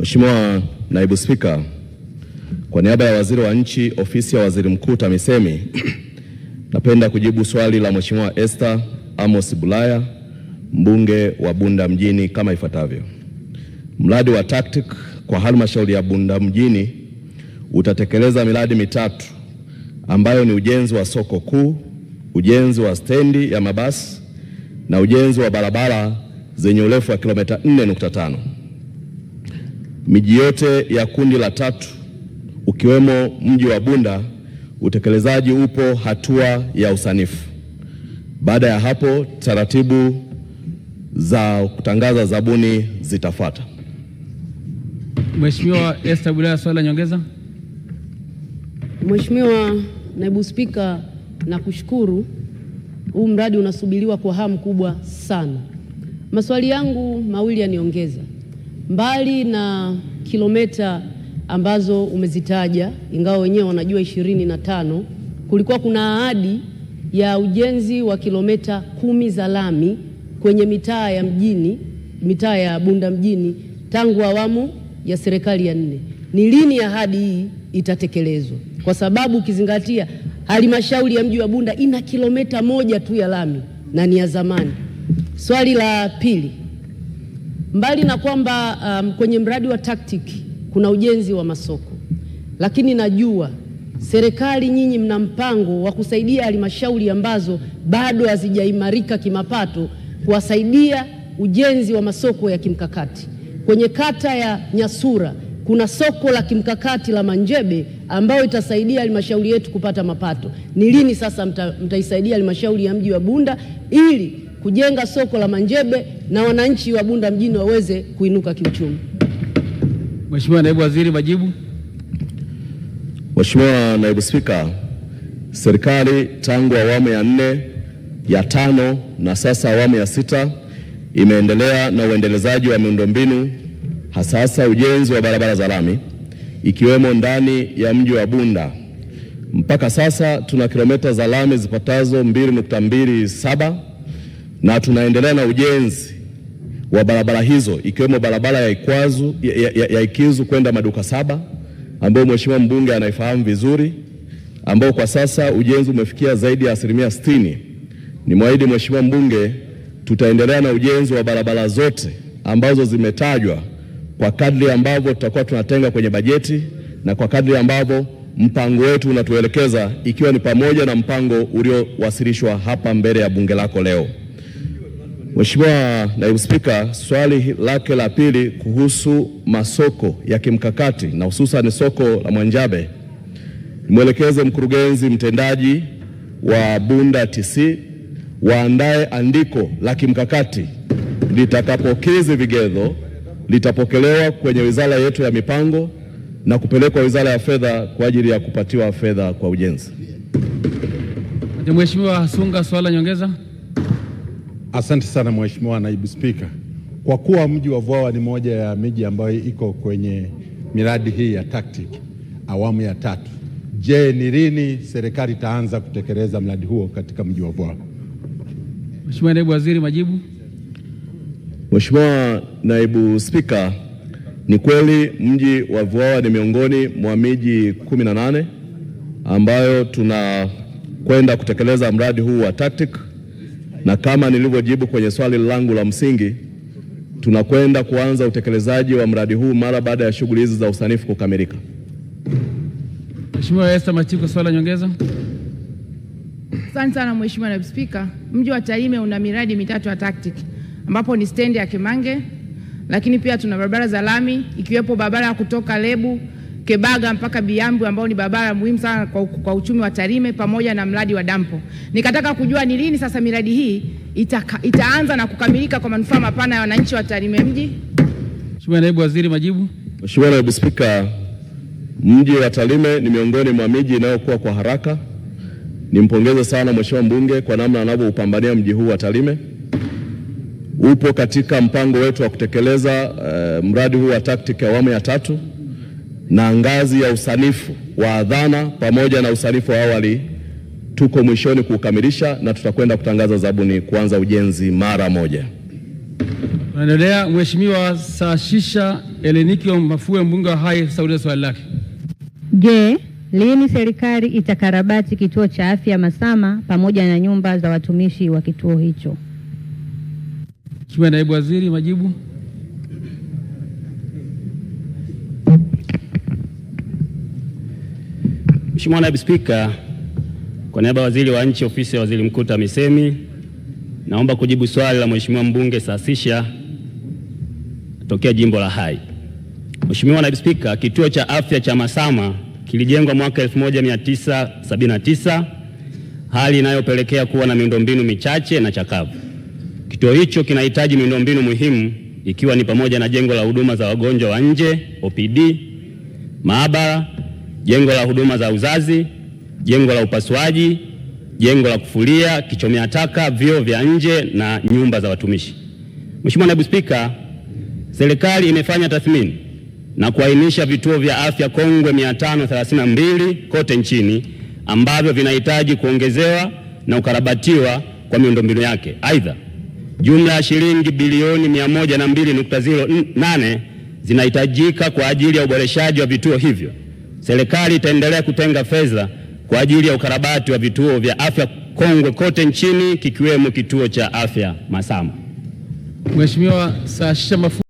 Mheshimiwa Naibu Spika, kwa niaba ya Waziri wa Nchi, Ofisi ya Waziri Mkuu TAMISEMI, napenda kujibu swali la Mheshimiwa Esther Amos Bulaya, mbunge wa Bunda mjini kama ifuatavyo. Mradi wa TACTIC kwa halmashauri ya Bunda mjini utatekeleza miradi mitatu ambayo ni ujenzi wa soko kuu, ujenzi wa stendi ya mabasi na ujenzi wa barabara zenye urefu wa kilomita 4.5 miji yote ya kundi la tatu ukiwemo mji wa Bunda, utekelezaji upo hatua ya usanifu. Baada ya hapo, taratibu za kutangaza zabuni zitafuata. Mheshimiwa Esther Bulaya, swali la nyongeza. Mheshimiwa Naibu Spika, nakushukuru. Huu mradi unasubiriwa kwa hamu kubwa sana. Maswali yangu mawili ya mbali na kilomita ambazo umezitaja, ingawa wenyewe wanajua ishirini na tano, kulikuwa kuna ahadi ya ujenzi wa kilomita kumi za lami kwenye mitaa ya mjini, mitaa ya Bunda mjini tangu awamu ya serikali ya nne. Ni lini ahadi hii itatekelezwa? Kwa sababu ukizingatia halmashauri ya mji wa Bunda ina kilomita moja tu ya lami na ni ya zamani. Swali la pili, Mbali na kwamba um, kwenye mradi wa TACTIC kuna ujenzi wa masoko, lakini najua serikali nyinyi mna mpango wa kusaidia halmashauri ambazo bado hazijaimarika kimapato kuwasaidia ujenzi wa masoko ya kimkakati. Kwenye kata ya Nyasura kuna soko la kimkakati la Manjebe ambayo itasaidia halmashauri yetu kupata mapato. Ni lini sasa mtaisaidia mta halmashauri ya mji wa Bunda ili kujenga soko la Manjebe na wananchi wa Bunda mjini waweze kuinuka kiuchumi. Mheshimiwa Naibu Waziri, majibu. Mheshimiwa Naibu Spika, serikali tangu awamu ya nne, ya tano na sasa awamu ya sita imeendelea na uendelezaji wa miundombinu hasa ujenzi wa barabara za lami ikiwemo ndani ya mji wa Bunda. Mpaka sasa tuna kilomita za lami zipatazo 2.27 na tunaendelea na ujenzi wa barabara hizo ikiwemo barabara ya, Ikwazu, ya, ya, ya Ikizu kwenda maduka saba ambayo mheshimiwa mbunge anaifahamu vizuri, ambao kwa sasa ujenzi umefikia zaidi ya asilimia sitini. Nimwahidi mheshimiwa mbunge tutaendelea na ujenzi wa barabara zote ambazo zimetajwa kwa kadri ambavyo tutakuwa tunatenga kwenye bajeti na kwa kadri ambavyo mpango wetu unatuelekeza, ikiwa ni pamoja na mpango uliowasilishwa hapa mbele ya bunge lako leo. Mheshimiwa Naibu Spika, swali lake la pili kuhusu masoko ya kimkakati na hususan soko la Mwanjabe, nimwelekeze mkurugenzi mtendaji wa Bunda TC waandae andiko la kimkakati litakapokizi vigezo litapokelewa kwenye wizara yetu ya mipango na kupelekwa wizara ya fedha kwa ajili ya kupatiwa fedha kwa ujenzi. Mheshimiwa Sunga, swala nyongeza. Asante sana Mheshimiwa Naibu Spika. Kwa kuwa mji wa Vwawa ni moja ya miji ambayo iko kwenye miradi hii ya TACTIC awamu ya tatu, je, ni lini serikali itaanza kutekeleza mradi huo katika mji wa Vwawa? Mheshimiwa Naibu Waziri, majibu. Mheshimiwa Naibu Spika, ni kweli mji wa Vwawa ni miongoni mwa miji 18 na nane ambayo tunakwenda kutekeleza mradi huu wa TACTIC na kama nilivyojibu kwenye swali langu la msingi, tunakwenda kuanza utekelezaji wa mradi huu mara baada ya shughuli hizi za usanifu kukamilika. Mheshimiwa Esther Machiko, swali la nyongeza. Asante sana Mheshimiwa Naibu Spika, mji wa Tarime una miradi mitatu ya TACTIC ambapo ni stendi ya Kimange, lakini pia tuna barabara za lami ikiwepo barabara ya kutoka Lebu Kebaga mpaka Biambu ambao ni barabara muhimu sana kwa, kwa uchumi wa Tarime pamoja na mradi wa dampo. Nikataka kujua ni lini sasa miradi hii itaka, itaanza na kukamilika kwa manufaa mapana ya wananchi wa Tarime mji. Mheshimiwa Naibu Waziri, majibu. Mheshimiwa Naibu Spika, mji wa Tarime ni miongoni mwa miji inayokuwa kwa haraka. Nimpongeze sana Mheshimiwa mbunge kwa namna anavyoupambania mji huu wa Tarime. Upo katika mpango wetu wa kutekeleza uh, mradi huu wa TACTIC awamu ya tatu na ngazi ya usanifu wa adhana pamoja na usanifu wa awali tuko mwishoni kuukamilisha na tutakwenda kutangaza zabuni kuanza ujenzi mara moja. Naendelea Mheshimiwa sashisha Elenikio Mafue, mbunge wa Hai, saudia swali lake. Je, lini serikali itakarabati kituo cha afya Masama pamoja na nyumba za watumishi wa kituo hicho? Mheshimiwa Naibu Waziri, majibu. Mheshimiwa Naibu Spika, kwa niaba ya Waziri wa Nchi, Ofisi ya Waziri Mkuu TAMISEMI, naomba kujibu swali la Mheshimiwa mbunge Sasisha tokea jimbo la Hai. Mheshimiwa Naibu Spika, kituo cha afya cha Masama kilijengwa mwaka 1979, hali inayopelekea kuwa na miundombinu michache na chakavu. Kituo hicho kinahitaji miundombinu muhimu ikiwa ni pamoja na jengo la huduma za wagonjwa wa nje OPD, maabara jengo la huduma za uzazi, jengo la upasuaji, jengo la kufulia, kichomea taka, vyoo vya nje na nyumba za watumishi. Mheshimiwa Naibu Spika, serikali imefanya tathmini na kuainisha vituo vya afya kongwe 532 kote nchini ambavyo vinahitaji kuongezewa na ukarabatiwa kwa miundombinu yake. Aidha, jumla ya shilingi bilioni 102.08 zinahitajika kwa ajili ya uboreshaji wa vituo hivyo serikali itaendelea kutenga fedha kwa ajili ya ukarabati wa vituo vya afya kongwe kote nchini kikiwemo kituo cha afya Masama. Mheshimiwa Saashisha Mafu